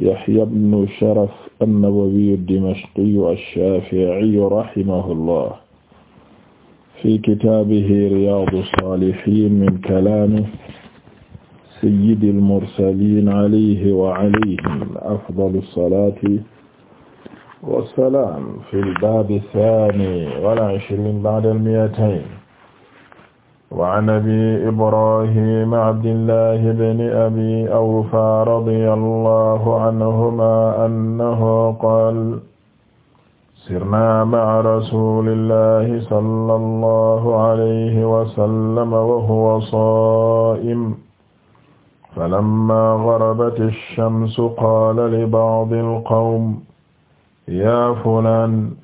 Yahya ibn Sharaf an-Nawawi ad-Dimashqi ash-Shafi'i rahimahullah fi kitaabihi Riyaadu s-Saalihiin min kalaami sayyidil mursaliin alayhi wa alayhim afdalu s-salaati wa s-salaam fil baabi ath-thaani wal ishriin ba'da al-mi'atayn waan abi ibrahim abdillahi bni abi awfa radiya allahu anhuma annahu qaal sirnaa maca rasulillahi sallallahu alayhi wa sallam wa huwa saa'im falammaa garabat ash-shamsu qaala li ba'di al-qawm yaa fulaan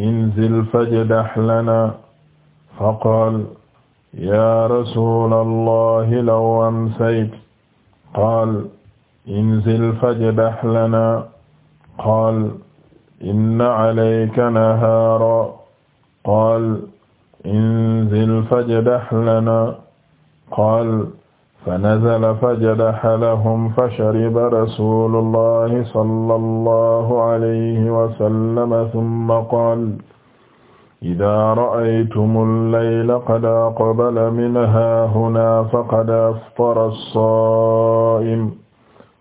inzil fajdah lanaa faqaal yaa rasuulallahi law amsayta qaala inzil fajdah lanaa qaala inna alayka nahaaran qaala inzil fajdah lanaa qaala fanazala fajadaha lahum fashariba rasuulullahi sallallahu alayhi wa sallam thumma qaala ida ra'aytumu allayla qad aqbala min haahunaa faqad aftara as-saa'im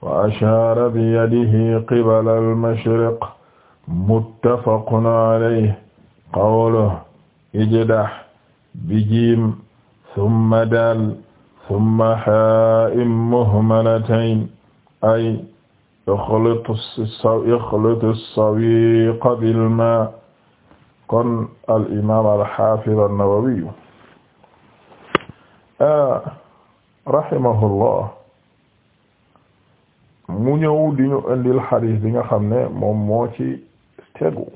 wa ashaara biyadihi qibala al-mashriq muttafaqun alayhi qawluhu ijdah bijiim summa daal summa haa'im muhmalatayn ay ixlitu as-sawiiqa bil-maa' kon al imaam al xaafid an-Nawawi rahimahullah mu ñëw di ñu indil xadiis bi nga xam ne moom moo ci tegu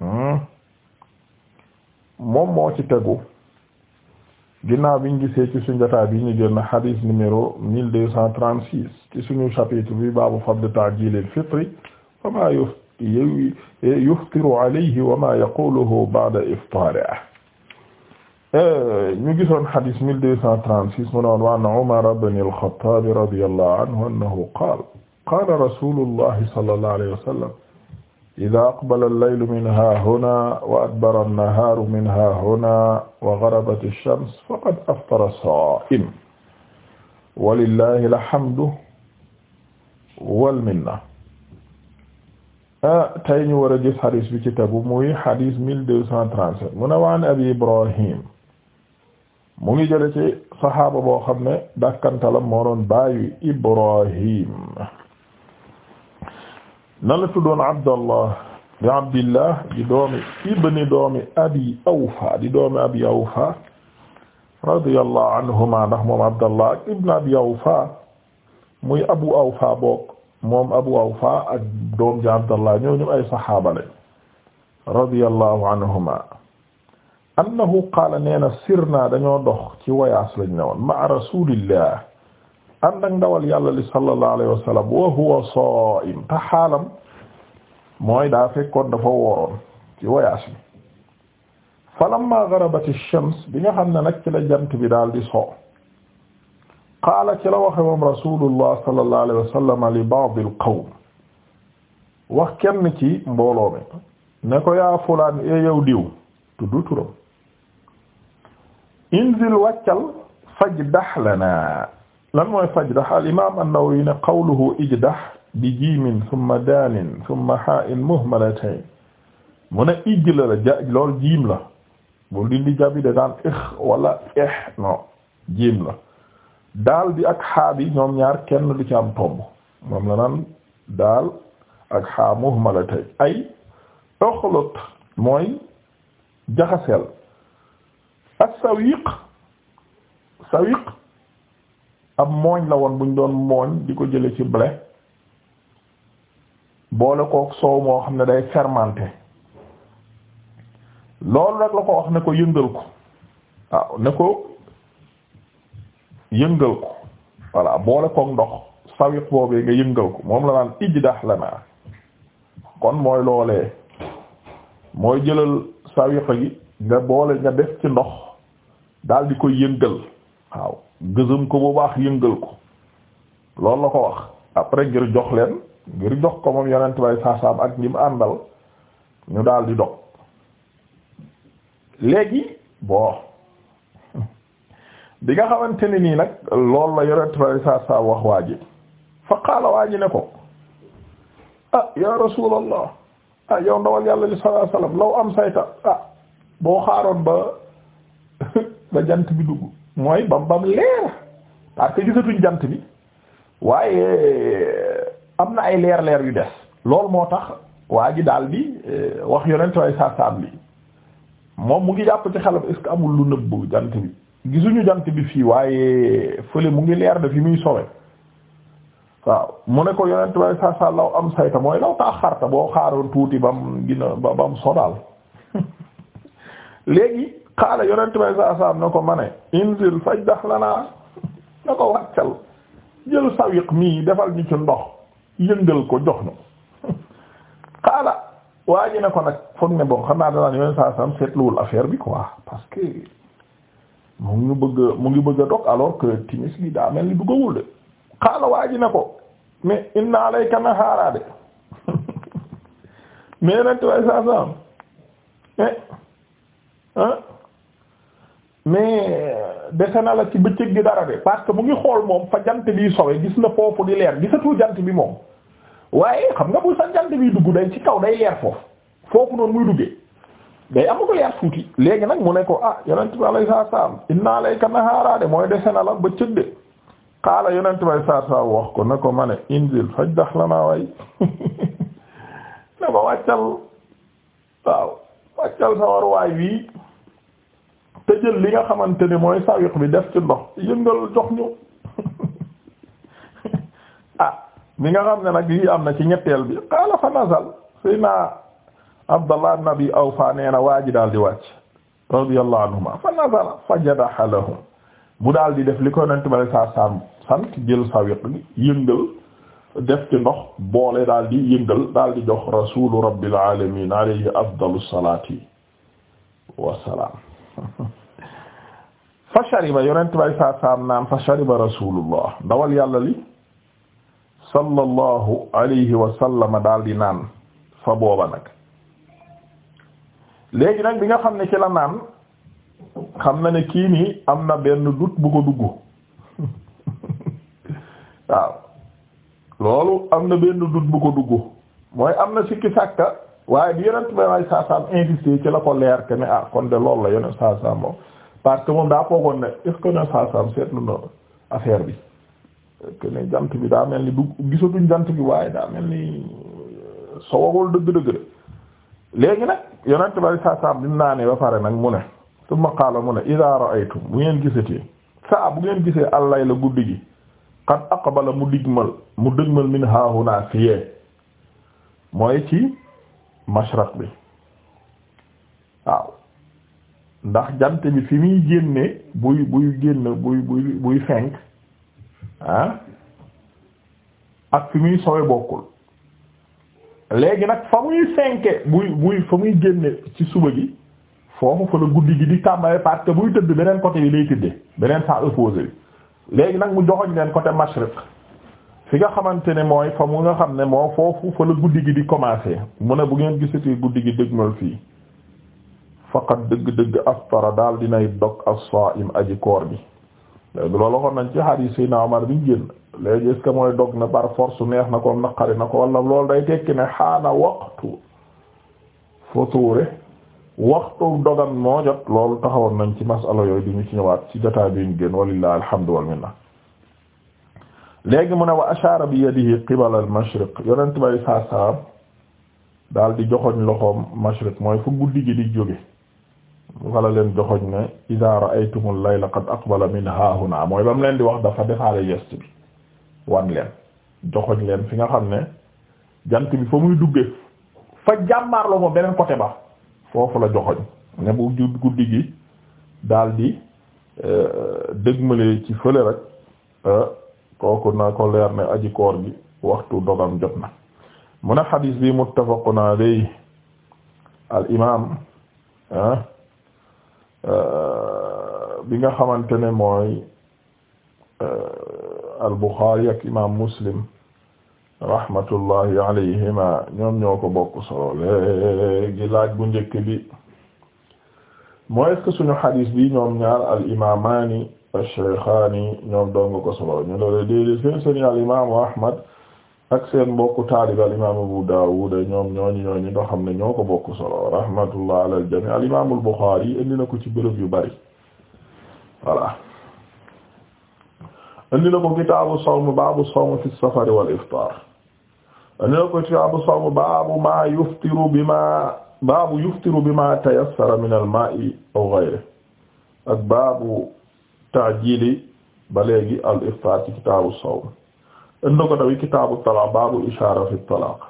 hmm? moom moo ci tegu ginnaaw biñ gisee ci suñu jotaay bi ñu génn xadiis numéro mille deux cent trente six ci suñu chapitre bi baabu fadl ta'jiil al-fitr wa ma yuftiru alayhi wa ma yaquluhu ba'da iftarihi ñu gisoon hadis 1236 mu noon waan Umar ibn al-Khattab radiyallahu anhu annahu qaala qaala rasulullahi sallallahu alayhi wa sallam idaa aqbala al-laylu min haahunaa wa adbara an-nahaaru min haahunaa wa gharabat ash-shams faqad aftara saa'im walillahi alhamdu wal minna Ah, tey ñu war a gis xadis bi ci tegu muy xadis mu ne waan abi Ibrahim mu ngi jële ci saxaaba boo xam ne dàkkantalam moo doon baayu Ibrahim na la tuddoon Abdallah di Abdillah di doomi abi Awfa di doomi abi Awfa moom Abdallah ibn abi Awfa muy abu Awfa bokk moom Abu Awfa ak doom ji Abdallah ñoo ñu ay saxaaba lañ radiyallahu anhuma annahu qaala nee na sirna dañoo dox ci wayaas lañ ne woon ma'a rasulillah ànd ak ndawal yàlla li sallallahu alayhi wa sallam wa mooy daa fekkoon dafa wooroon ci wayaas bi falamma gharabat ash-shams bi nga xam ne nag ci la bi daal di so qaala ci la waxe moom rasulullah sallallahu alayhi wa sallam li ba'd al qawm wax kenn ci mbooloo mi ne ko yaa fulaan e yow diw tudd turam inzil wàccal fajdah lana lan mooy fajdah al imam an-Nawawi ne qawluhu ijdah bi jiimin thumma daalin thumma haa'in muhmalatayn mu ne ij la la ja lool jiim la bu dindi jabi de daan ix wala ih no jiim la daal bi ak xaa bi ñoom ñaar kenn du ci am tomb moom la naan daal ak xaa muhmalatay ay uxlut mooy jaxaseel ak sawiq sawiq ab mooñ la woon buñ doon mooñ di ko jële ci blé boole kook soow moo xam ne day fermenté loolu rek la ko wax ne ko yëngal ko waaw ne ko yëngal ko voilà boole koog ndox sawiq boobee nga yëngal ko moom la naan ijdah lana kon mooy loolee mooy jëlal sawiq gi nga boole nga def ci ndox daal di koy yëngal waaw gësëm ko bu baax yëngal ko loolu la ko wax après ngir jox leen ngir jox ko moom yonent bay saasaam ak ñi mu àndal ñu daal di dog léegi bon bi nga xawante ne nii nag loolu la yore traçais saa wax waa ji fa qaala waa ji ne ko ah ya rasulallah ah yow ndawal yàlla li sallallahu alayhi wasallam law am sayta ah boo xaaroon ba ba jant bi dugg mooy bam bam leer parce que gisatuñ jant bi waaye am na ay leer leer yu des loolu moo tax waa ji daal eh, bi wax yore traçais saa bi moom mu ngi jàpp ci xelam est ce amul lu nëbbu jant bi. gisuñu jant bi fii waaye fële mu ngi leer na fi muy sowe waaw mu ne ko yonent waaye saa saa law am sayta mooy law taa xarta boo xaaroon tuuti bam gina bam sodaal léegi xaala yonent waaye saa saa ne ko ma ne inzil fajdah lana na ko wàccal jël sawiq mii defal ñu ci ndox yëngal ko jox na xaala waa ji ne ko nag foog ne bon xam naa danaan yonent saa saa seetluwul affaire bi quoi parce que mu ngi bëgg mu ngi bëgg a dog alors que timis gi daa mel ni duggawul de xaala waa ji ne ko mais inna alayka nahaara de mais yenent way saa sam mais mais dese na la ci bëccëg gi dara de parce que mu ngi xool moom fa jant bi sowe gis na foofu di leer gisatu jant bi moom waaye xam nga bu sa jant bi dugg day ci kaw day leer foofu foofu noonu muy duggee day am ko yar tuuti léegi nag mu ne ko ah yonent bi alayhi salaam inna alayka nahaara de mooy dese na la bëccëg de xaala yonent bi alayhi salaam wax ko ne ko ma ne inzil fajdax lanaa way ne ko wàccal waaw wàccal sa waruwaay wii te jël li nga xamante ni mooy sawiq bi def ci ndox yëngal jox ñu ah mi nga xam ne nag yi am na ci ñetteel bi xaala fa nazal sëy naa Abdallah ibn Abi Awfa nee na waa ji daal di wàcc fa nazara fa jadaha lahum mu daal def li ko nent bale saa san sant jël def ci ndox boole daal di yëngal daal di jox rasulu rabbil alamin fa shariba yonent bay saa saam naan fa shariba rasulullah dawal yàlla li sallallahu alayhi wa sallama daal di fa booba léegi nag bi nga xam ne ci la naan xam na ne kii nii am na benn dut bu ko dugg waaw loolu am na benn dut bu ko dugg mooy am na sikki sàkka waaye bi yonent saasaam insisté ci la ko leer que ah kon de loolu la yonent saasaam parce que moom daa foogoon ne est-ce saasaam seetlu na affaire bi que ne jant bi daa mel ni dugg gisatuñ jant bi waaye daa mel ni sowagul dëgg-dëgg léegi nag yonent bari saa saa bi mu naanee ba pare nag mu ne summa qaala mu ne idaa ra'aytum bu ngeen gisatee saa bu ngeen gisee allay la guddi gi qad aqbala mu digmal mu digmal min haahunaa fiyee mooy ci mashraq bi waaw ndax jant bi fi muy génne buy buy génn buy buy buy fenk ah ak fi muy sowe bokkul léegi nag fa muy fenke buy buy fa muy génne ci suba gi foofu fa la guddi gi di tàmbalee parce buy tëdd beneen côté bi lay tëddee beneen sens opposé bi léegi nag mu joxoñ leen côté mashriq fi nga xamante ne mooy fa mu nga xam ne moo foofu fa la guddi gi di commencé mu ne bu ngeen gisatee guddi gi dëgmal fii faqat dëgg-dëgg aftara daal dinay dog as-sa'im aji koor bi léegi loolu waxoon nañ ci hadith Seydina Omar biñ génn léegi est mooy dog na par force neex na ko naqari na ko wala lool day tekki ne xaana waxtu futuure waxtu dogam moo jot loolu taxawoon nañ ci masala yooyu duñu ci ñëwaat ci jotaay bi ñu génn walillahi alhamdu wal minna léegi mu ne wa ashara bi yadihi qibala al mashriq yonent bay saa saa daal di joxoñ loxoom mashriq mooy fu guddi gi di jóge wala leen joxoñ ne idha ra'aytumul layla qad aqbala min haahuna mooy ba mu leen di wax dafa defaale geste bi wan leen joxoñ leen fi nga xam ne jant bi fa muy duggee fa jàmmaarloo moom beneen côté ba foofu la joxoñ ne guddi gi daal di euh, dëgmale ci fële rek euh, kooku na ko leer ne aji koor gi waxtu dogam jot na mu ne xadiis bi muttafaqun alayhi al imam euh, bi nga xamante ne mooy al-Bukhari ak imam Muslim rahmatullahi alayhima ñoom ñoo ko bokk solo léegi laaj bu njëkk bi mooy est-ce bi ñoom ñaar al-imamani ash-shaykhani ñoom dong ko solo ñu loolee déedéet seen sëriñ al-imaamu Ahmad ak seen mbokku taalib al-imaam Abu Daawud ñoom ñooñu ñooñu nga ne ñoo ko bokk solo rahmatullah ala al-jamii al-imaam al-Bukhari indi na ko ci bërëb yu bari indi na ko kitaabu sawm baabu sawm fi safari wal iftaar indi na ko kitaabu sawm baabu maa yuftiru bima baabu yuftiru bima tayassara min al maa'i aw ghayrihi ak baabu ta'jiili ba léegi al iftaar ci kitaabu sawm indi na ko tamit kitaabu talaaq baabu ishaara fi talaaq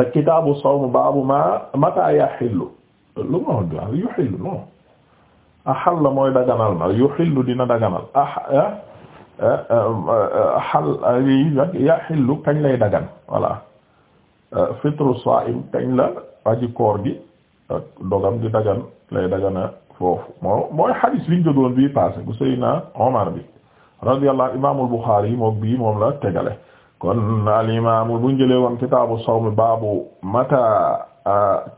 ak kitaabu sawm baabu maa mataa yaxillu lu ma yuxillu axal la mooy daganal na yuxillu dina daganal ah xal ah, ah, ah, yaxillu kañ lay dagan voilà fitru saim kañ la aji koor gi ak dogam di dagan lay dagana foofu mooy xadis biñ jógoon bii passé bu Seydina Omar bi radiyallahu imaamul Buxaari yi moom bii moom la tegale kon al imaamul buñ jëlee woon kitaabu sawmi baabu mata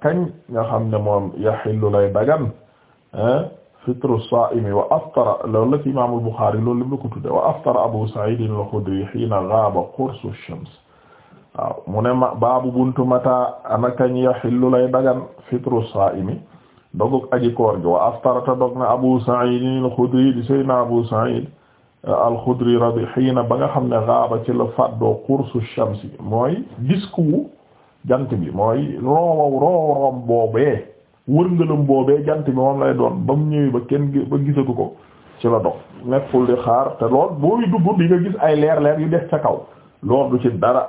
kañ nga xam ne moom yaxillu lay dagan fitru saa'imi wa aftara loolu la ci imaamul Buxaari loolu la mu ko tudde wa aftara Abu Sa'iid al-Xudri hiina gaaba qursu shams baabu buntu mata ana kañ yaxillu lay dagan fitru saa'imi dogug aji koor wa aftara ta dog na Abu Sa'iid al radi hiina ba nga xam ne gaaba ci la fàddoo qursu shams mooy disku jant bi mooy roowaw roowam boobee wërngalam boobee jant bi moom lay doon ba mu ñëwee ba kenn ba gisatu ko ci la dox nekkul di xaar te lool booy dugg di nga gis ay leer leer yu def ca kaw loolu du ci dara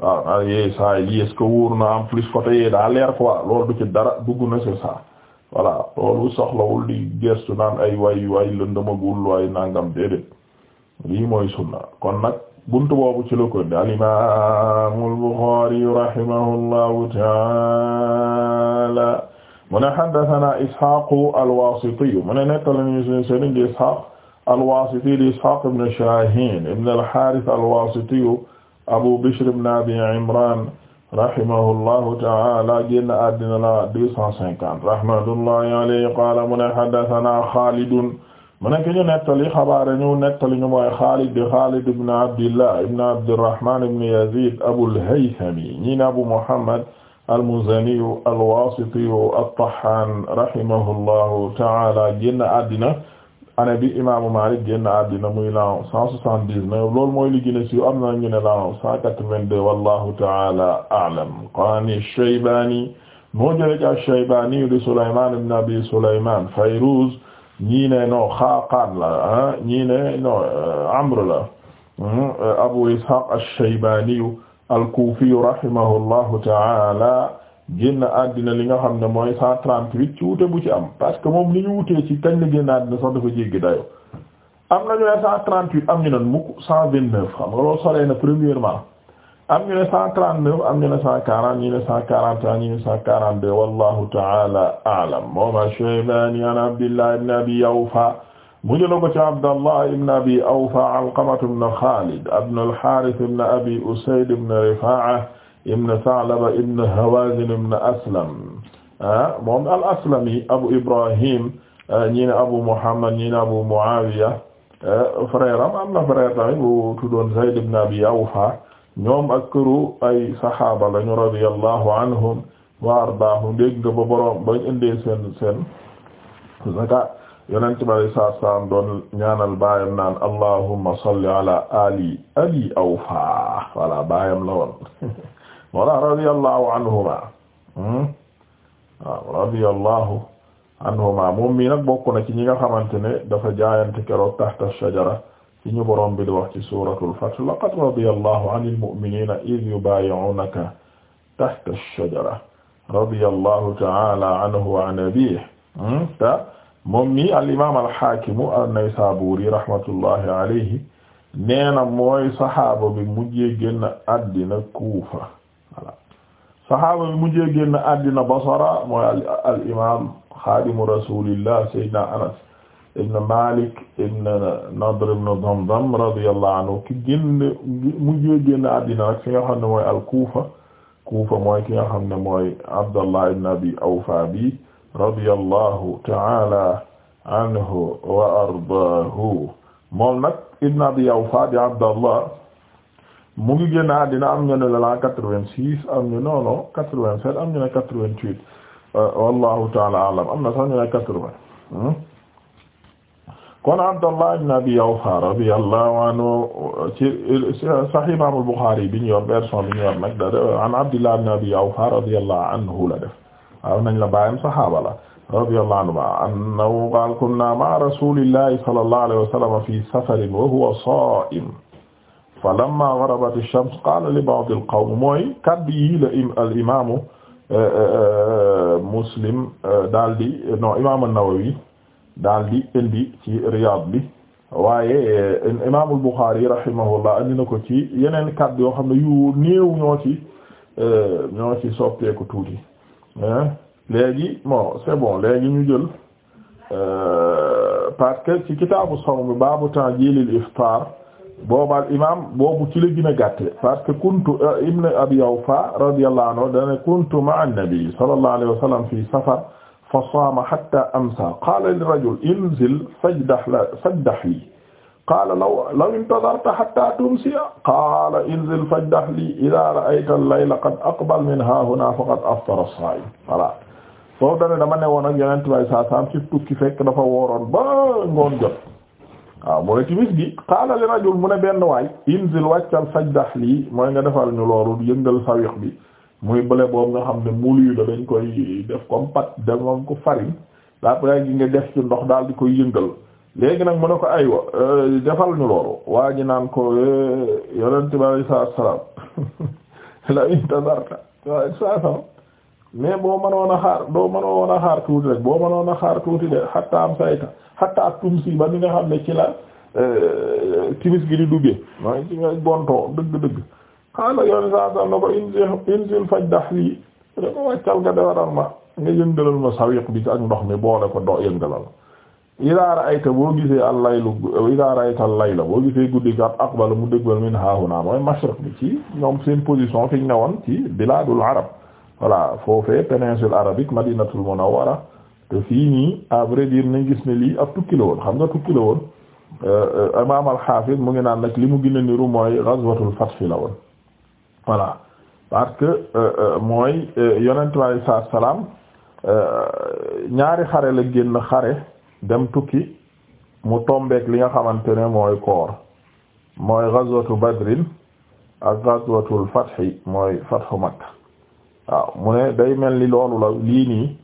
waaw ah yee saa yi est wóor na en plus côté yee daa leer quoi loolu du ci dara dugg na c'est ça voilà loolu soxlawul di gestu naan ay way way lëndamagul way nangam déedéet lii mooy sunna kon nag buntu boobu ci la ko al imaamul Buxaari rahimahullahu mu ne haddathana Ishaaqu al-Waasitiyu mu ne nettali nañu sunu sëriñ di Ishaaq al-Waasitiyu di Ishaaq ibn Shaahiin ibn al-Haarith al-Waasitiyu Abu Bishr ibn Abi Imraan rahimahullahu ta'aala génn àddina la 250 rahmatullahi alayhi qaala mu ne haddathana Khaalidun mu ne ki ñu nettali xabaar ñu nettali ñu mooy Xaalid di Xaalid ibn Abdillah ibn Abdirrahmaan ibn Yaziid Abul Haythami ñi na Abu Muhammad almuzaniyu alwaasitiyu attahaan rahimahullahu taala génn àddina année bi imaamu Maalik génn àddina muy lan cent soixante-dix-neuf loolu mooy li gën a siiw am na ñu ne lan cent quatre-vingt-deux wallahu taala a'lam qaani Shaybaani moo jëlee ca Shaybaani di Sulaymaan ibn Abi Sulaymaan Fayruz ñii ne no Xaaqaan la ah, ñii ne no Amr la hmm, Abu Ishaaq ash-Shaybaaniyu al-Kuufiyu rahimahullahu taala génn àddina li nga xam ne mooy cent trente-huit ci wute bu ci am parce que moom li ñu wutee ci kañ la génn àddina sax dafa jéggi dayo am nañu ne cent trente-huit am ñu ne cent vingt-neuf xam nga loolu soree premièrement am ñu ne cent trente-neuf am ñu ne cent quarante ñu ne cent quarante et un ñu ne cent quarante wallahu taala a'lam mooma Shaybani an Abdillah ibn Abi Awfa mu jëla ko ci Abdallah ibn Abi Awfa Alqamah ibn Khalid ibn al-Harith ibn Abi Usayd ibn Rifa'a ibn Tha'laba ibn Hawazin ibn Aslam ah moom al-Aslami Abu Ibrahim ah, ñi ne Abu Muhammad ñi ne Abu Muawiya ah, frère am am na frère tamit bu tuddoon Zayd ibn Abi Awfa ñoom ak këru ay saxaaba lañu radiyallahu anhum wa ardaahum dégg nga ba boroom bañ indee seen seen zakat yonent bi alayhi salaatu salaam doon ñaanal baayam naan allahumma salli ala ali abi awfa wala baayam la woon wala radiyallahu anhuma hmm? waaw radiyallahu anhuma moom mii nag bokk na ci ñi nga xamante ne dafa jaayante keroog tahta shajara ci ñu borom bi di wax ci suuratul fath laqad radiyallahu anil mu'minina idh yubayi'unaka tahta shajara radiyallahu ta'ala anhu wa an abihi hmm? moom mi al imaam al xaakimu an-Naysaabuuri rahmatullahi alayhi nee na mooy saxaaba bi mujjee génn àddina Kuufa voilà saxaaba bi mujjee génn àddina Basra mooy al imaam xaadimu rasuulillah Seydina Anas ibn Maalik ibn Nadr ibn Damdam radiyallahu anhu ki génn mujjee génn àddina nag fi nga xam ne mooy al Kuufa Kuufa mooy ki nga xam ne mooy Abdallah ibn Abi Awfa bi radiyallahu ta'ala anhu wa ardaahu moom nag ibn Abi Awfa di Abdallah mu ngi génn àddina am ñu ne la quatre-vingt-six am ñu noono quatre-vingt-sept am ñu ne quatre-vingt-huit euh, wallahu ta'ala a'lam am na sax ñu ne quatre-vingts hmm? kon Abdallah ibn Abi Awfa radiyallahu anhu ci Sahih Imam al-Bukhari bi ñu yor version bi ñu yor nag da an Abdillah ibn Abi Awfa radiyallahu anhu la def waaw nañ la baayam saxaaba la radiyallahu anhu annahu qaala kunna ma'a rasulillahi sallallahu alayhi wa sallam fi safarin wa huwa saa'im falamma gharabat ash-shams qaala li ba'd al-qawm mooy kaddu yi la al imaamu eh, eh, eh, Muslim daal di non imaam an-Nawawi daal di indi ci Riyaad bi waaye imaamul Buxaari rahimahullah andi na ko ci yeneen kaddu yoo xam ne yu néew ñoo ci ñoo ci soppeeku tuuti. léegi bon c'est bon léegi ñu jël euh, parce que ci kitaabu sawm baabu ta'jiilil iftaar boobal imaam boobu ci la gën a gàtte parce que kuntu euh, ibn abi awfa radiyallahu anhu dana kuntu ma'a an-nabi sallallahu alayhi wa sallam fi safar fa saama hatta amsa qaala li rajul inzil fajdah la fajdah li qaala law law intadarta hatta tumsiya qaala inzil fajdah li idha ra'ayta al-layla qad aqbal min haahuna faqad aftara as-saa'im voilà foofu dane dama ne woon ak yonent bay saa saam ci tukki fekk dafa wooroon ba ngoon jot waaw mu ne timis gi qaala li rajul mu ne benn waay inzil wàccal fajdah lii mooy nga defal ñu loolu yëngal sawiq bi muy bële boobu nga xam ne mulu la dañ koy def comme pat def ko ko farine d'après gi nga def ci ndox daal di koy yëngal léegi nag mu ne ko aywa euh, defal ñu loolu waa ji naan ko eh, yonent bi alay salaam la intazarta waaye saa saa mais boo manoon a xaar doo mënoon a xaar tuuti rek boo mënoon a xaar tuuti de xatta sayta xatta tumsi ba ni nga xam ne ci la euh, timis gi di duggee mooy ci nga gontoo dëgg dëgg xaala yoon saa saa na ko insil insil faj dax lii da ko wàccal nga defaral ma nga yëngalal ma sawiq bi ak ndox mi boole ko doo yëngalal idaa ra'ayta boo gisee al-laylu idaa ra'ayta boo gisee guddi gi aqbala mu dëggal min haahunaa mooy mashriq bi ci ñoom seen position fi ñu newoon ci bilaadul arab voilà foofee péninsule arabique madinatul munawwara te fii nii à vrai nañ gis ne lii ab tukki la woon xam nga tukki la woon euh, euh, imaam al mu ngi naan nag li mu gën a niru mooy ghazwatul fath la woon voilà parce que euh, mooy yonent bi salaam ñaari xare la génn xare. dem tukki mu tombeek li nga xamante ne mooy koor mooy ghazwatu badrin ak ghazwatul fathi mooy fathu makka waaw mu ne day mel ni loolu la lii nii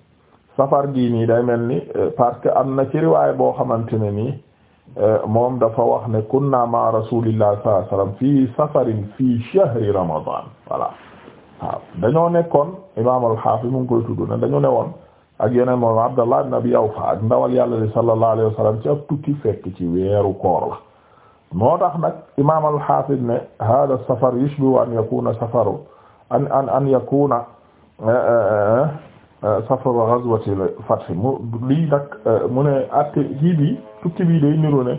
safar gii nii day mel ni eh, parce que am na ci riwaay boo xamante ne nii eh, moom dafa wax ne kunna ma rasulillah sallallahu alayhi wasallam fii safarin fii shahri ramadan voilà waaw dañoo nekkoon imaam al-Hafiz mu koy tudd na dañu ne woon ak yeneen moom Abdallah ibn Abi Awfa ak ndawal yàlla li sallallahu alayhi wa sallam ci ab tukki fekk ci weeru koor la moo tax nag imaam al-Hafiz ne hada safar yushbihu an yakuna safaru an an an yakuna eh, eh, eh, safaru ghazwatil fath mu lii nag mu ne atte kii bi tukki bi day niru ne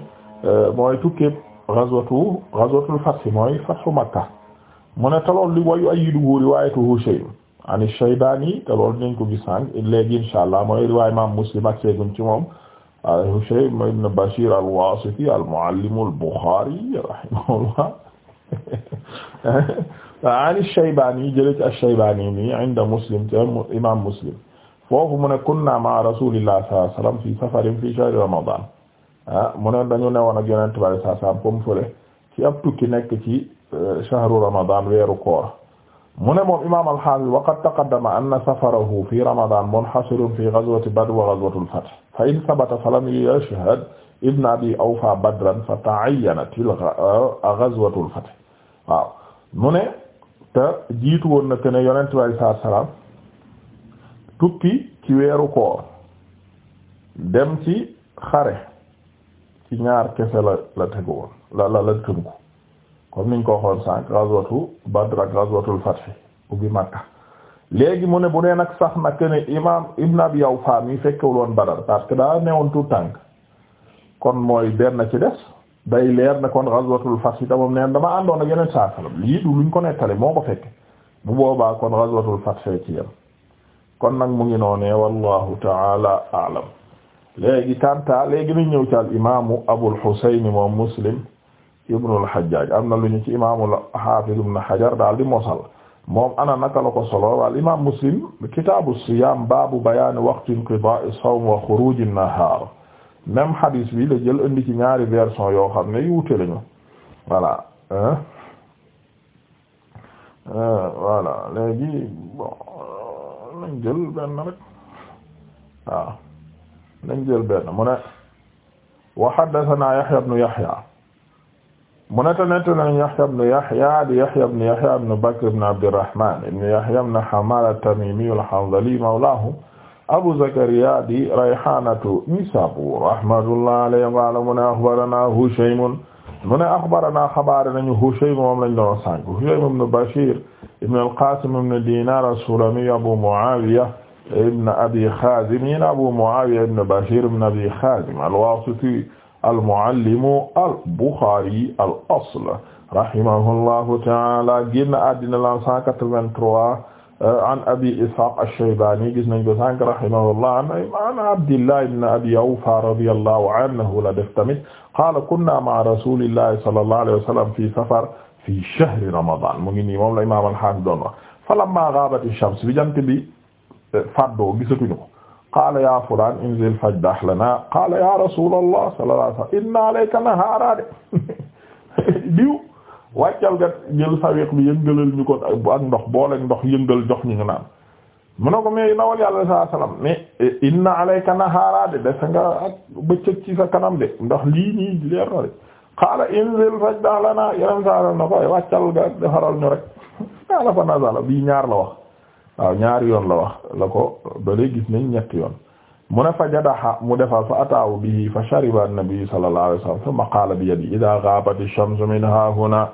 mooy tukkeeb ghazwatu ghazwatul fath mooy fathu Makka mu ne talool li wayu ayidu riwaayatuhu shay'un ani Shaybaani te loolu dinañ ko gis sànq léegi insha allah mooy riwaay imaam Muslim ak seegum ci moom Hushaym ibn Bashir al-Wasiti al-Muallim al-Bukhari rahimahullah ani Shaybaani jële ci ash-Shaybaani mi inda Muslim te imaam Muslim foofu mu ne kunna ma Rasuulillah sallallahu alayhi wa sallam fi safarin fi shahri Ramadan ah mu ne dañu newoon ak Yonent bi sallallahu alayhi wa sallam comme fële ci ab tukki nekk ci eh, shahru Ramadan weeru koor mu ne moom imaam al-Haafiz wa qad taqaddama anna safarahu fi Ramadan munhasirun fi ghazwati Badr wa ghazwati al-Fath fa in thabata falam yashhad ibn Abi Awfa Badran fa ta'ayyanat ghazwatu al-Fath waaw mu ne te jiitu woon ne Yonent bi alayhi salaatu salaam tukki ci weeru koor dem ci xare ci ñaar kese la la tegu woon la la la tënku kon niñ ko xool sànq ghazwatu Badr ak ghazwatul Fath ubbi Makka léegi mu ne bu dee nag sax na que ne imaam Ibn Abi Awfa mi fekkewul woon Badar parce que daa newoon tout tànk kon mooy benn ci des day leer ne kon ghazwatul Fath te moom neen dama àndoon ak yeneen saa salaam lii du luñ ko nettali moo ko fekk bu boobaa kon ghazwatul Fath ci yem kon nag mu ngi noonee wallahu ta'ala a'lam léegi Kanta léegi ni ñëw ci al imaamu Abul Husayn moom Muslim. ibnul Hajjaaj am na lu ñu ci imaamul Haafiz ibn Hajar daal di mosal moom ana naka la solo wal imaam Muslim kitaabu siyaam baabu bayaani waqti inqidaa'i sawm wa xuruuji nahaar même hadis bi la jël indi ci ñaari version yoo xam ne yu wuute lañu voilà euh, voilà léegi bon nañ jël benn rek waaw nañ jël benn mu ne wa haddasanaa Yahyaa ibn Yahyaa mu ne te nettali nañu Yahya ibn Yahya di Yahya ibn Yahya ibn Bakr ibn Abdirrahman ibn Yahya ibn Hammala at-Tamimi al-Hanzali mawlahu Abu Zakariya di Rayhanatu Nisabur rahmatullah alayhi qala mu ne akhbarana Hushaym mu ne akhbarana xabaar nañu Hushaym moom lañ doon sànq Hushaym ibn Bashir ibn al-Qasim ibn Dinar as-Sulami Abu Muawiya ibn Abi Khazim Abu Muawiya ibn Bashir ibn Abi Khazim al-Wasiti almuallimu albuxaari al asl rahimahullahu taala génn àddina la 183 an abi ishaq ash-shaybani gis nañ ko sànq rahimahullah an abdillah ibn abi awfa radiyallahu anhu la def tamit qaala kunna ma'a rasulillahi sallallahu alayhi wa sallam fi safar fi shahri ramadan mu ngi nii moom la imam al-hafiz doon wax falamma ghabat ash-shams bi jant bi fàddoo gisatuñu ko qaala ya fulaan inzil fajdah lana qaala ya rasulallah sallallahu alayhi wa sallam inna alayka nahaara de diw wàccal nga jël sawiq bi yëngalal ñu ko ak ndox boole ndox yëngal jox ñu ñu naan mu ne ko mais nawal yàlla sallallahu alayhi wa sallam mais eh, inna alayka nahaara de def nga ak bëccëg ci sa kanam de ndax lii nii leer na de qaala inzil fajdah lana yeneen saa na ko wàccal nga defaral ñu rek qaala fa nazala bii ñaar la wax waaw ñaari yoon la wax la ko bale gis nañ ñetti yoon mu ne fa jadaha mu defal fa ataawu bihi fa shariba an-nabi sallallahu alayhi wasallam thumma qaala bi yadi idha ghabat ash-shamsu min hahuna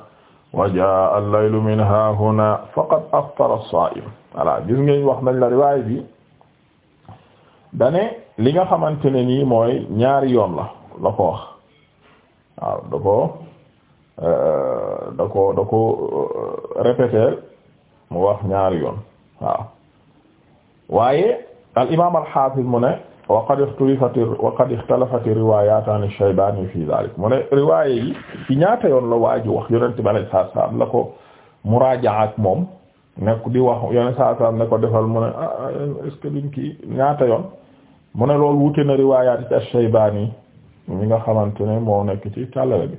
wa jaa al min hahuna faqad aftara as-saa'im gis ngeen wax nañ la riwaay bi dane li nga xamante ne nii mooy ñaari yoon la la ko wax waaw da ko euh, da euh, mu wax ñaari yoon waaw waaye al imaam al xaafiz mu ne wa qad ixtalafat wa qad ixtalafat riwaayaat an Shaybaani fi daalik mu ne riwaaya yi ci ñaata yoon la waa ji wax yonent bi alayhi salaatu salaam la ko muraaja ak moom nekk di wax yonent salaatu salaam ne ko defal mu ne ah, ah est-ce que duñ kii ñaata yoon mu ne loolu wute na riwaayaat ci Shaybaani ñi nga xamante ne moo nekk ci tallale bi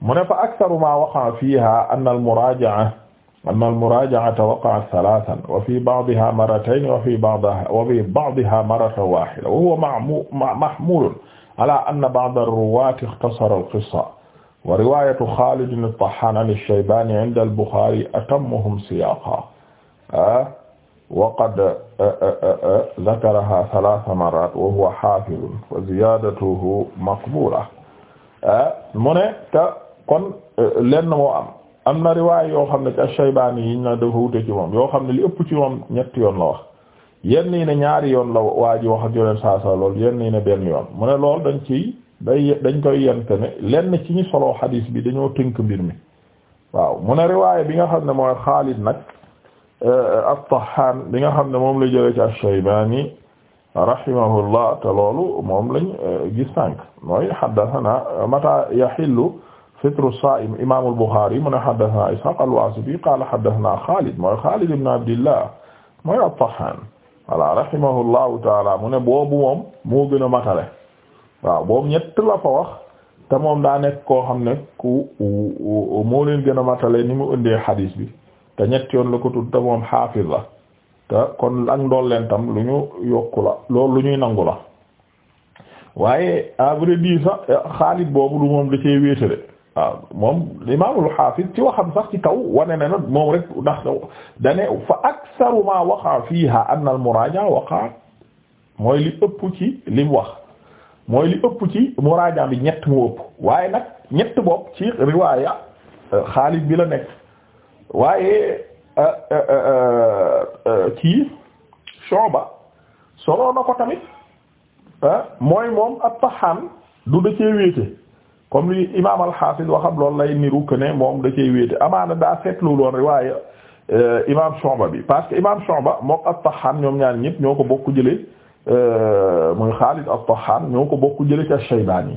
mu ne fa aktaru maa waqa'a fiihaa anna al muraaja'a anna al-muraaja'ata waqa'at thalathan wa fi ba'diha marratayn wa fi ba'diha wa fi ba'diha marratan waahida wa huwa mahmuulun ala anna ba'da ar-ruwaati ikhtasara al-qissa wa riwaayatu Khaalid at-Tahaan an ash-Shaybaani 'inda al-Bukhaari atammuhum siyaaqan wa qad dhakarahaa thalaatha marraat wa huwa haafidun wa ziyaadatuhu maqbuulatun mu ne kon lenn moo am am na riwaay yoo xam ne ci ash yi ñu na dafa wute ci moom yoo xam ne li ëpp ci moom ñetti yoon la wax yenn yi ne ñaari yoon la waa ji wax ak yoneen saa saa lool yenn yi ne benn yoon mu ne lool dañ ci day dañ koy yente ne lenn ci ñu soloo xadiis bi dañoo tënk mbir mi waaw mu ne riwaay bi nga xam ne mooy Xaalid nag euh, at bi nga xam ne moom la jëlee ci Ash-Shaybaani rahimahullah te loolu moom lañ euh, gis sànq mooy haddathana mata yaxillu fitru saa'im imaamul Buxaari mu ne haddasanaa Ishaaq al-Waasiti qaala haddasanaa Xaalid mooy Xaalid ibn Abdillah mooy at-Tahaan voilà rahimahullahu taala mu ne boobu moom moo gën a matale waaw boobu ñett la fa wax te moom daa nekk koo xam ne ku moo leen gën a matale ni mu ëndee xadiis bi te ñett yoon la ko tudd te moom xaafis la te kon ak ndool leen tam lu ñu yokku la loolu lu ñuy nangu la waaye à vrai Xaalid boobu du moom da cee wéetale waaw moom imaamul xaafis ci waxam sax ci kaw wane na nag moom rek ndax dane fa aksaru ma waqa fiiha anna al muraaja waqa mooy li ëpp ci lim wax mooy li ëpp ci muraaja bi ñett mu ëpp waaye nag ñett bopp ci riwaaya euh, Xaalid bi la nekk waaye euh, euh, ci Shuba solo na ko tamit mooy moom at-Tahaan du da cee wéete comme li imaam al-Hafiz waxam loolu lay niru que ne moom da cee wéete amaana daa seetlu loon riwaaya euh, imaam Shu'ba bi parce que imaam Shu'ba mook at-Tahan ñoom ñaar ñëpp ñoo ko bokk jëlee euh, muy Khalid at-Tahan ñoo ko bokk jëlee ca Shaybani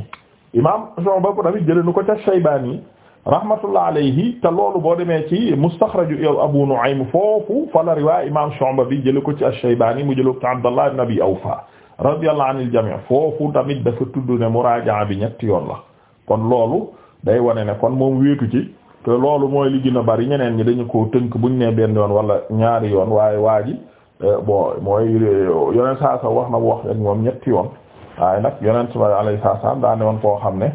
imaam Shu'ba ko tamit jëlee nu ko a Shaybani rahmatullah alayhi te loolu boo demee ci Mustakhraj Abu Nu'aym foofu fa la riwaaya imaam Shu'ba bi jëlee ko ci Shaybani mu jëlee ko ci Abdallah ibn Abi Awfa radiyallahu anil jami' foofu tamit dafa tudd ne muraaja'a bi ñetti yoon la. kon loolu day wane ne kon moom wéetu ci te loolu mooy li gën a bari ñeneen ñi dañu ko tënk buñ ne benn yoon wala ñaari yoon waaye waa ji eh, bon mooy eh, yoneen saa sa wax na wax ak moom ñetti yoon waaye nag yoneen sa alayhi salaam daa ne koo xam ne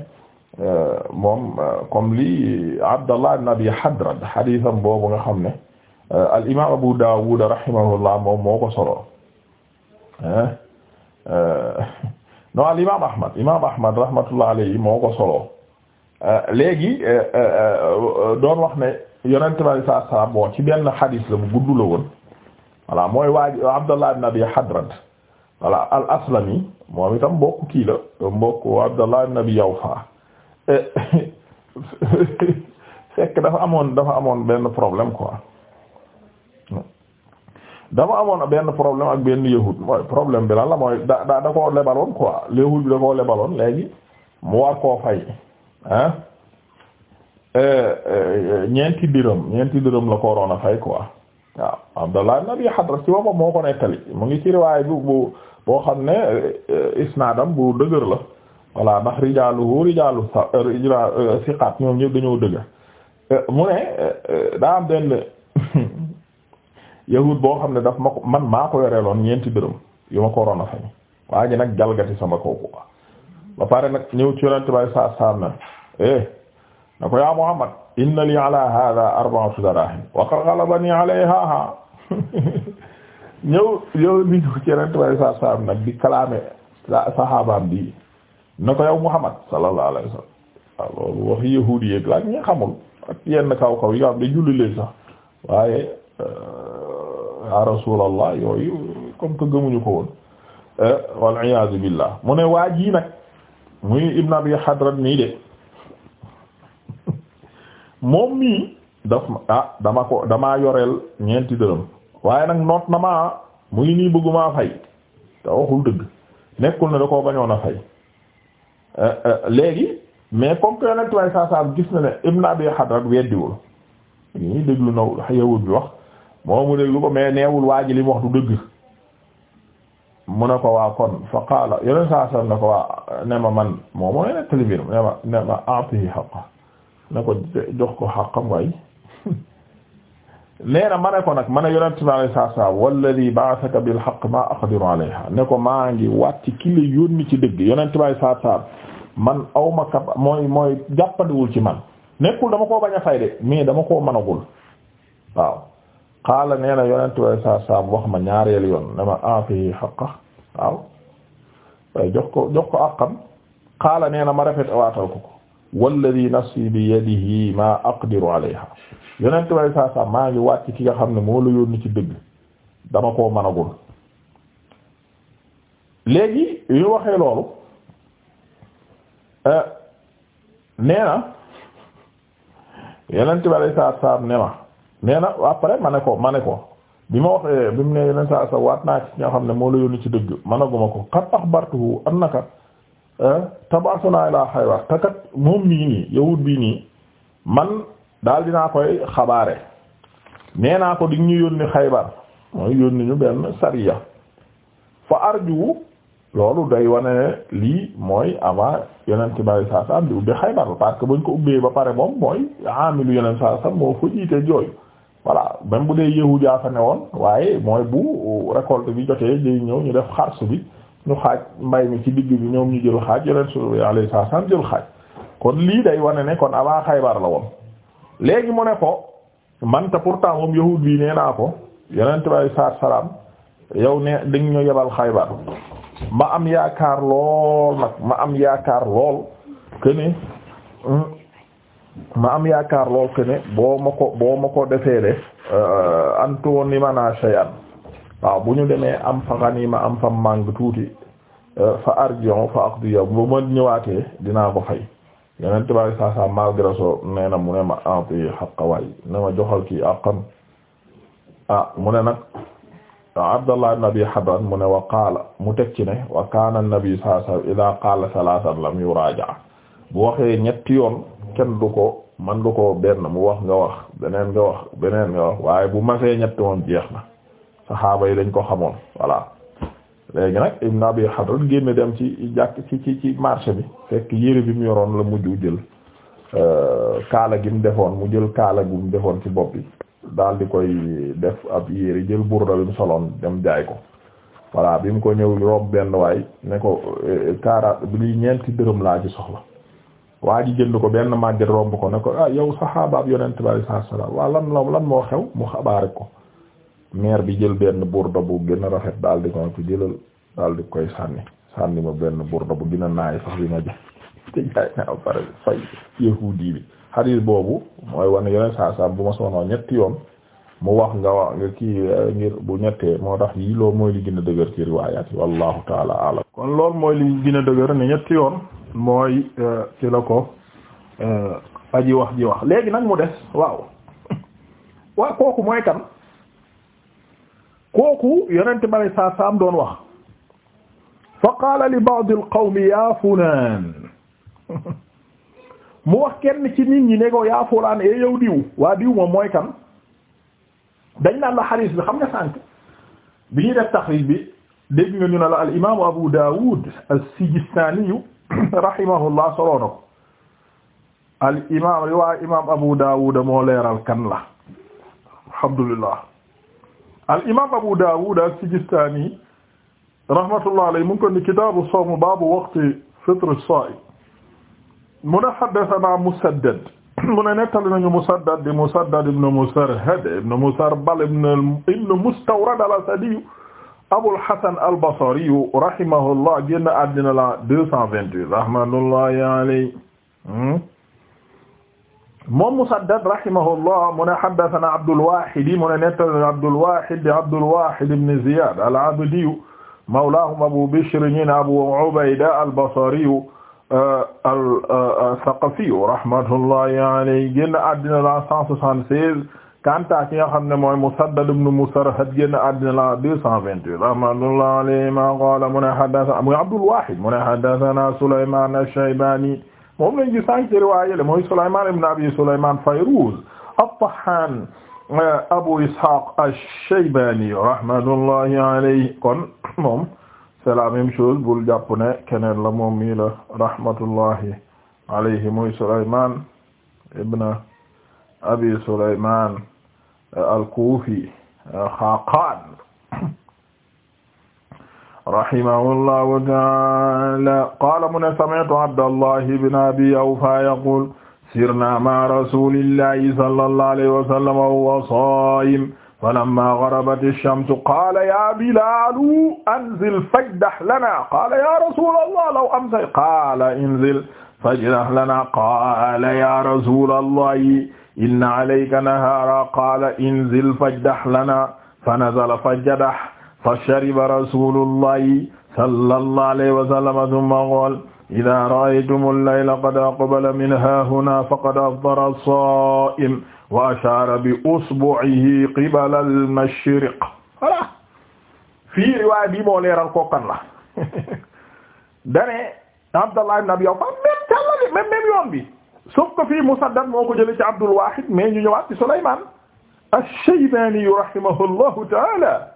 eh, moom comme lii Abdallah ibn Abi Hadrad hadisam boobu nga xam ne al imaam Abu Dawud rahimahullah moom moo ko solo non al imam ahmad imam ahmad rahmatullah alayhi moo ko soloo euh, léegi euh, euh, doon wax ne yonente bi alai saatu salam ci benn xadis la bu gudd la woon voilà mooy waaji abdallah ibn abi hadrad voilà al aslami moom itam mbokk kii la mbokk abdallah ibn abi yawfa fekk dafa amoon dafa amoon benn problème quoi dafa amoon benn problème ak benn yahud mooy problème bi lan la mooy da da da koo lebaloon quoi yahud bi léegi mu war koo fay ah ñeenti dërëm ñeenti dërëm la ko waroon a fay quoi waaw Abdallah ibn Abi Hadras ci boppam moo ko nettali mu ngi ci riwaay bu bu boo xam ne euh, isnaadam bu dëgër la voilà ndax rijaaluhu rijaalu siqaat ñoom ñëpp dañoo dëgër mu ne daa am benn yahud boo xam ne daf ma ko man maa ko yoreeloon ñeenti dërëm yu ma ko waroon a fay waa ji nag ñëw ci yonent bay saa saam na eh ko yaa Muhammad inna li nag di kalaame saxaabaam bi na ko yow Muhammad sallallahu alayhi wa yéeg laa ñi xamul ak yenn kaw kaw yi nga xam ne julli leen sax waaye euh, ya rasulallah yooyu comme que gëmuñu ko woon eh, wal iyaazu billah mu ne waa ji nag muy ibn abi hadrat nii de moom mii daf ma ah dama ko damaa yoreel ñeenti dërëm waaye nag noot na maa mu nii bëggumaa fay te waxul dëgg nekkul ne da koo bañoon a fay eh, eh, léegi mais comme que yonent saa saa gis na ne ibn abi hadrat weddiwul ñi déglu naw yawut bi wax moo mu déglu ko mais neewul waa ji li mu wax du dëgg mu ne ko waa kon fa qaala yeneen saa ne ko waa ne ma man moo moo ne nettali biir ne ma ne ma atihi xaqa ne ko jox ko xaqam waay nee na ma ne ko nag ma ne yonent bi alayhi salaatu salaam walladi ba'athaka bil haqq ma aqdiru alayha ne ko maa ngi wàcc ki la yónni ci dëgg yonent bi alayhi salaatu salaam man aw ma kab mooy mooy jàppandiwul ci man nekkul dama koo bañ a fay de mais dama koo mënagul waaw qaala nee na yonent way wax ma ñaareel yoon ne ma aafihi haqqa waaw waaye jox ko jox ko qaala nee na ma rafet awaatal ko ko walladi nafsi bi yadihi ma aqdiru alayha yonent way saa maa ngi wàcc ki nga xam ne moo la yónni ci dëgg dama koo mënagul léegi yu waxee loolu eh, nee na yonent way ne ma nee na après ma ne ko ma ne ko bi ma waxee bi mu ne yeneen saa sa waat naa ci nga xam ne moo la yónni ci dëgg managuma ko xat axbartuhu annaka eh, tabasunaa ilaa Xaybar te kat moom mii nii yawut bii nii man daal dinaa koy xabaare nee naa ko di ñu yónni Xaybar mooy yónni ñu benn sariya fa arju loolu day wane lii mooy avant yeneen bari saa saa am di ubbi Xaybar parce que buñ ko ubbee ba pare moom mooy amilu yonent saa saa moo fa jiite jooyu voilà même bu dee yahud yaa fa ne woon waaye mooy bu récolte bi jotee day ñëw ñu def xars bi ñu xaaj mbay mi ci digg bi ñoom ñu jël xaaj yonent sallallahu alayhi wasallam jël xaaj kon lii day wane ne kon avant xaybaar la woon léegi mu ne ko man te pourtant moom yahud bi nee naa ko yonent bi saa salaam yow ne dañ ñu yebal Xaybar ma am yaakaar lool nag ma am yaakaar lool que hmm, ma am yaakaar lool que ne boo ma ko boo ma ko defee de euh, antoon ni ma naa shay'an waaw bu ñu demee am fa ganima am fa bu tuuti euh, fa arji'u fa aqdi bu ma ñëwaatee dinaa ko fay yeneen mu ne ma ati xaqa waay ne ma joxal kii àqan ah, mu ne na Abdallah ibn Abi Hadran mu mu teg ci ne wa kaana an-nabi sallallahu alayhi wa sallam idha qaala thalathan lam bu waxee ñetti yoon. kenn du ko man du ko benn mu wax nga wax beneen nga wax beneen waaye bu masee ñett moom jeex na saxaaba yi lañ ko xamoon voilà léegi nag Ibn Abi génn dem ci jàkk ci ci marché bi fekk yére bi mu yoroon la mujj jël euh, kaala gi mu defoon mu jël kaala gi mu defoon ci bopp bi daal di koy def ab yére jël burda bi mu soloon dem jaay ko voilà bi mu ko ñëw rob benn waay ne ko euh, kaara bi ñeenti dërëm laa ci soxla waa ji jënd ko benn màgget romb ko ne ko ah yow saxaabaab yonent bi sallallahu alayhi wasallam waa lan lan moo xew mu xabaare ko maire bi jël benn burda bu gën a rafet daal di ko jëlal daal di koy sànni sànni ma benn burda bu gën a naay sax bi ma jël te jaay naa pare fay yahuudi bi xadiis boobu mooy wane yonent saa saam bu ma sonoo ñetti yoon mu wax nga wax nga kii eh, ngir bu ñettee moo tax yii loolu mooy gën a dëgër ci riwaayaat yi wallahu taala alam kon loolu mooy li gën a yoon mooy euh, ci la ko euh, aji wax ji wax léegi nag mu des waaw waa kooku mooy kan kooku yonente ma lay saa saam doon wax fa qaala li ba'd al qawmi ya fulaan mu wax kenn ci nit ñi ne ko yaa fulaan e yow diw waa diw moom mooy kan dañ naan la xaris bi xam nga sànk bi ñuy def taxrij bi dégg nga ñu ne la al imaamu Abu Daawud as-Sijistaani rahimahullah soloo na ko al imam riwaa imam Abu Dawud moo leeral kan la alhamdulillah al imam Abu Dawud as-Sijistani rahmatullah alayhi mu ngi ko ni kitaabu sawm baabu waqti fitr as-saa'im mu ne haddathana Musaddad mu ne nettali nañu Musaddad di Musaddad ibn Musarhad ibn Musarbal ibn ibn Mustawrad al-Asadi Abul Hasan al-Basri rahimahullah génn àddina la deux cent vingt-huit rahmatullahi alayhi moom Musaddad rahimahullah mu ne haddathana Abdul Wahid mu ne nettali Abdul Wahid Abdul Wahid ibn Ziyad al-Abdi mawlahum Abu Bishr ñi na Abu Ubayda al-Basri uh, al-Thaqafi uh, rahmatullahi alayhi génn àddina la cent soixante-seize kanta ki nga xam ne mooy Musaddad ibn Musarhad génn àddina la deux cent vingt-huit rahmatullah alayhima qala mu ne haddathana mu Abdul Wahid mu ne haddathana Sulayman ash-Shaybani moom lañ gi sànqci riwaayé le mooy Sulayman ibn Abi Sulayman Fayruz at-Tahan Abu Ishaq ash-Shaybani rahmatullahi alayhi kon moom c'est la même chose bul jàpp ne keneen la moom mii la rahmatullahi alayhi mooy Sulayman ibn Abi Sulayman al-Kufi Xaqaan rahimahullahu ta'ala qaala mu ne sami'tu Abdallahi ibn Abi Awfa yaqul sirna ma'a rasulillahi sallallahu alayhi wa sallam wa huwa saa'im falamma gharabati ash-shamsu qaala ya Bilaal anzil fajdah lana qaala ya rasulallah law amsay qaala inzil fajdah lana qaala ya rasulallah inna alayka nahaara qaala inzil fajdah lana fa nazala fajdah fa shariba rasulullahi sallallahu alayhi wa sallam thumma qaala idaa ra'aytumul layla qad aqbala min haahunaa faqad afdara as-saa'im wa ashaara bi usbu'ihi qibala al-mashriq voilà fii riwaay bi moo leeral kookan la dane Abdallah ibn Abi Awfa même yoon bi sauf que fii Musaddad moo ko jëlee ci Abdul Wahid mais ñu ñëwaat ci Sulaymaan ash-Shaybani rahimahullahu ta'ala